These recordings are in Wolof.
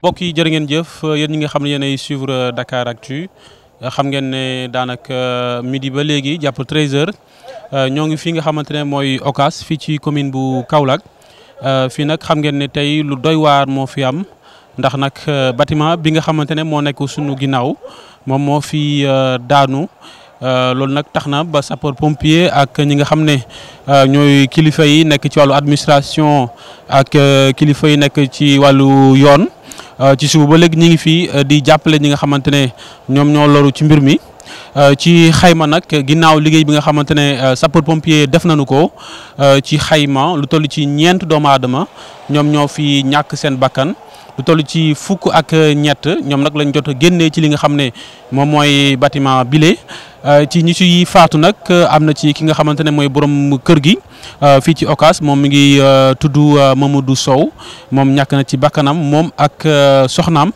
mbokk yi jërë ngeen jëf yéen ñi nga xam ne yéen ay suivre euh, Dakar Actu euh, xam ngeen ne daanaka euh, midi ba léegi jàpp 13h ñoo ngi fi nga xamante ne mooy Ocas fii ci commune bu Kaolack fii nag xam ngeen ne tey lu doy waar moo fi am ndax nag bâtiment bi nga xamante ne moo nekk suñu ginnaaw moom moo fi daanu. loolu nag tax na ba sapeur pompier ak ñi nga xam ne ñooy kilifa yi nekk ci wàllu administration ak kilifa yi nekk ci wàllu yoon. Euh, ci suba ba léegi ñu ngi fii euh, di jàppale ñi nga xamante ne ñoom ñoo loru ci mbir mi euh, ci xayma nag ginnaaw liggéey bi nga xamante ne sapeur pompier def nañu ko ci xayma lu toll ci ñeent doomu aadama ñoom ñoo fi ñàkk seen bakkan. lu toll ci fukk ak ñett ñoom nag lañ jot a génnee ci li nga xam ne moom mooy bâtiment bile euh, ci ñi ci faatu nag am na ci ki nga xamante ne mooy borom kër gi euh, fii ci Ocass moom mi ngi euh, tudd Mamadou Sow moom ñàkk na ci bakkanam moom ak soxnaam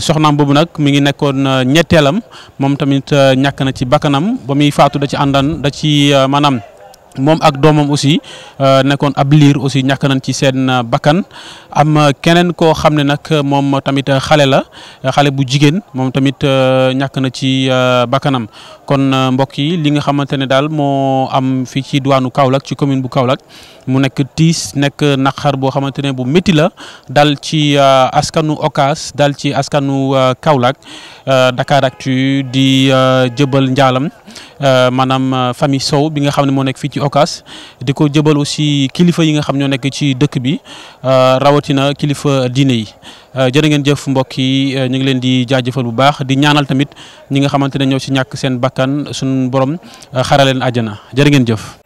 soxnaam boobu nag mi ngi nekkoon ñetteelam moom tamit ñàkk na ci bakkanam ba muy faatu da ci àndan da ci maanaam. moom ak doomam aussi euh, nekkoon ab liir aussi ñàkk nañ ci seen euh, bakkan am euh, keneen koo xam ne nag moom tamit xale la xale bu jigéen moom tamit ñàkk na ci bakkanam kon mbokk yi li nga xamante ne daal moo am fii ci diwaanu Kaolack ci commune bu Kaolack mu nekk tiis nekk naqar boo xamante ne bu métti la dal ci askanu Ocass dal ci askanu Kaolack Dakaractu di jëbal njaalam maanaam famille Sow bi nga xam ne moo nekk fii ci ci di ko jëbal aussi kilifa yi nga xam ñoo nekk ci dëkk bi euh, rawatina kilifa diine yi euh, jërë ngeen jëf mbokk yi euh, ñu ngi leen di jaajëfal bu baax di ñaanal tamit ñi nga xamante ne ñoo ci ñàkk seen bakkan suñu borom xaraleen àjjana jërë ngeen jëf.